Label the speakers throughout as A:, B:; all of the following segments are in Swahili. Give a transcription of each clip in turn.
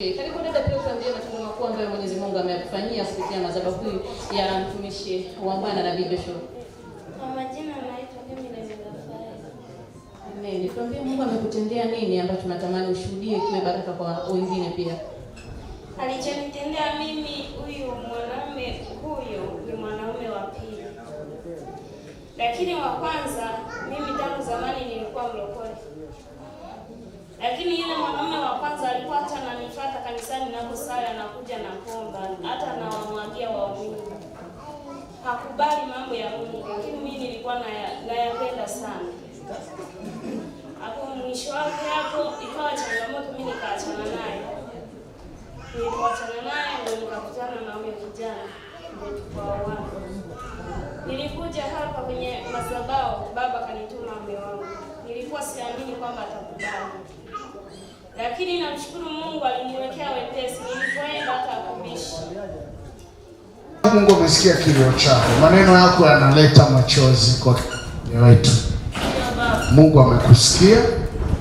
A: Eh, karibu dada pia familia na tuna makuu ambayo Mwenyezi Mungu ameyakufanyia kupitia madhabahu ya mtumishi wa Bwana na Nabii Joshua.
B: Kwa majina naitwa Mimi na Zingafai.
A: Amen. Tuambie Mungu amekutendea nini ambacho tunatamani ushuhudie kiwe baraka kwa wengine pia.
B: Alichonitendea mimi huyu mwanaume huyo ni mwanaume wa pili. Lakini wa kwanza mimi tangu zamani nilikuwa mlokole. Lakini yule mwanamume wa kwanza alikuwa hata ananifuata kanisani na anakuja na kuja na kuomba hata na wamwagia wa Mungu. Hakubali mambo ya Mungu, lakini mimi nilikuwa nayapenda sana. Hapo mwisho wake hapo ikawa changamoto, mimi nikaachana naye. Nilipoachana naye ndio nikakutana na huyo kijana ndio tukaoana. Nilikuja hapa kwenye masabao, baba kanituma mbele wangu. Nilikuwa siamini kwamba atakubali lakini namshukuru Mungu aliniwekea wepesi, nilipoenda hata akubishi.
C: Mungu amesikia kilio chako, maneno yako yanaleta machozi kwa wetu. Mungu amekusikia,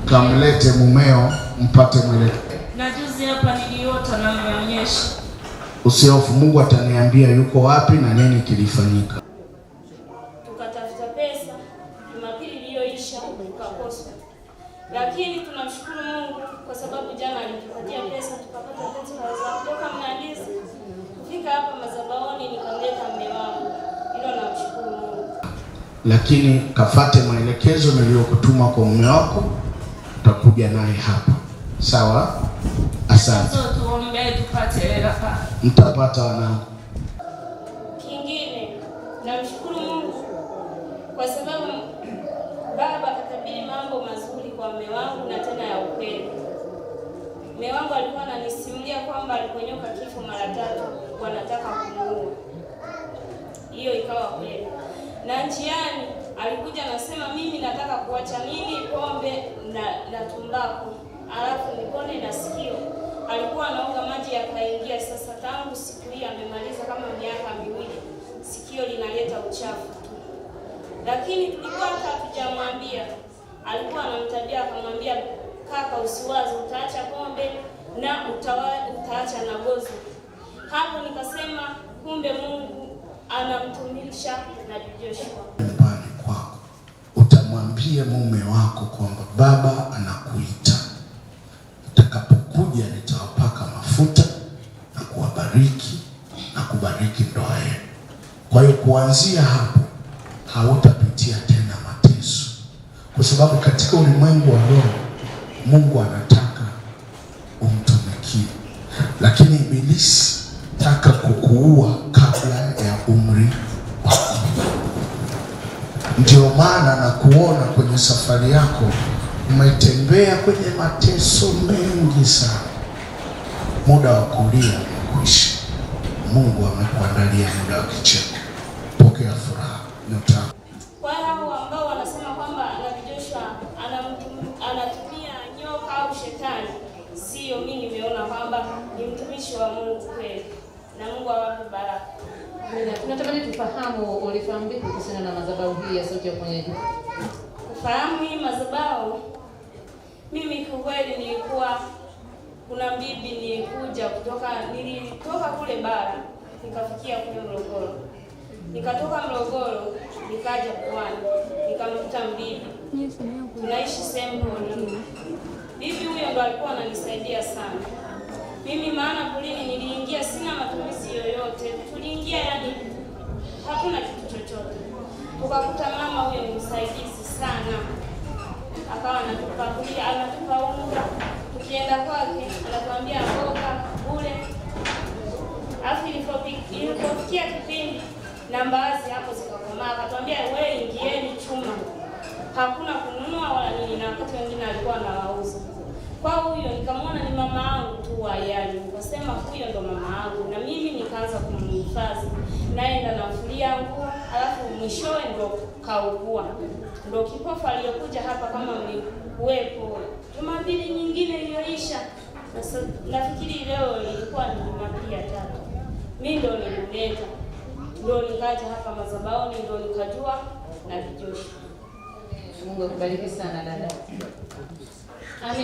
C: kamlete mumeo mpate mwelekeo.
A: Na juzi hapa niliota na mmeonyesha.
C: Usihofu, Mungu ataniambia yuko wapi na nini kilifanyika.
B: Tukatafuta pesa, Jumapili iliyoisha ukakosa lakini tunamshukuru Mungu kwa sababu jana alitupatia pesa, tukapata pesa za kutoka Mlandizi kufika hapa mazabaoni nikamleta mme wangu. Hilo namshukuru Mungu.
C: Lakini kafate maelekezo niliyokutuma kwa mume wako, utakuja naye hapa sawa. Asante.
A: So, tuombe tupate hela,
C: mtapata wanangu.
B: Kingine namshukuru Mungu kwa sababu kwa mume wangu na tena ya ukweli. Mume wangu alikuwa ananisimulia kwamba aliponyoka kifo mara tatu wanataka kumuua. Hiyo ikawa kweli, na njiani alikuja anasema, mimi nataka kuacha nini, pombe na, na tumbaku, alafu mikono na sikio. Alikuwa anaoga maji yakaingia. Sasa tangu siku hii amemaliza kama miaka miwili, sikio linaleta uchafu lakini tulikuwa hatujamwambia alikuwa anamtabia akamwambia, kaka, usiwazi utaacha pombe na utawa, utaacha na gozi. Hapo nikasema kumbe Mungu anamtumilisha na Joshua.
C: Nyumbani kwako mume wako kwamba baba anakuita, utakapokuja nitawapaka mafuta na kuwabariki na kubariki ndoa yenu. Kwa hiyo kuanzia hapo hauta kwa sababu katika ulimwengu wa roho Mungu anataka umtumikie, lakini ibilisi taka kukuua kabla ya umri wako. Ndio maana nakuona kwenye safari yako umetembea kwenye mateso mengi sana. Muda wa kulia umekwisha. Mungu amekuandalia muda wa kicheko. Pokea furaha nyota
B: mtumishi wa Mungu kweli, na Mungu awape baraka.
A: Tunatamani tufahamu ulifahamu vipi kuhusiana na madhabahu hii ya Sauti ya Uponyaji?
B: Kufahamu hii madhabahu, mimi kwa kweli nilikuwa kuna bibi nilikuja kutoka nilitoka kule bara nikafikia kule Morogoro, nikatoka Morogoro nikaja Pwani nikamkuta bibi, tunaishi sehemu moja. Bibi huyo ndo alikuwa ananisaidia sana mimi maana kulini niliingia sina matumizi yoyote, tuliingia yani hakuna kitu chochote. Tukakuta mama huyo ni msaidizi sana, akawa anatupakulia anatupa unga, tukienda kwake anatuambia mboga bure. Alafu ilipofikia kipindi na mbaazi hapo zikakomaa, akatuambia we, ingieni chuma, hakuna kununua wala nini, na wakati wengine alikuwa anawauza kwa huyo nikamwona ni mama yangu tu ayani, nikasema huyo ndo mama yangu, na mimi nikaanza kumhifadhi, naye ndo nguo, alafu mwishowe ndo kaugua. Ndo kipofu aliyokuja hapa kama mlikuwepo Jumapili nyingine iliyoisha. Nafikiri leo ilikuwa ni Jumapili ya tatu, mi ndo nilimleta, ndo nikaja hapa mazabaoni ndo nikajua na vijoshi.
A: Mungu akubariki sana dada.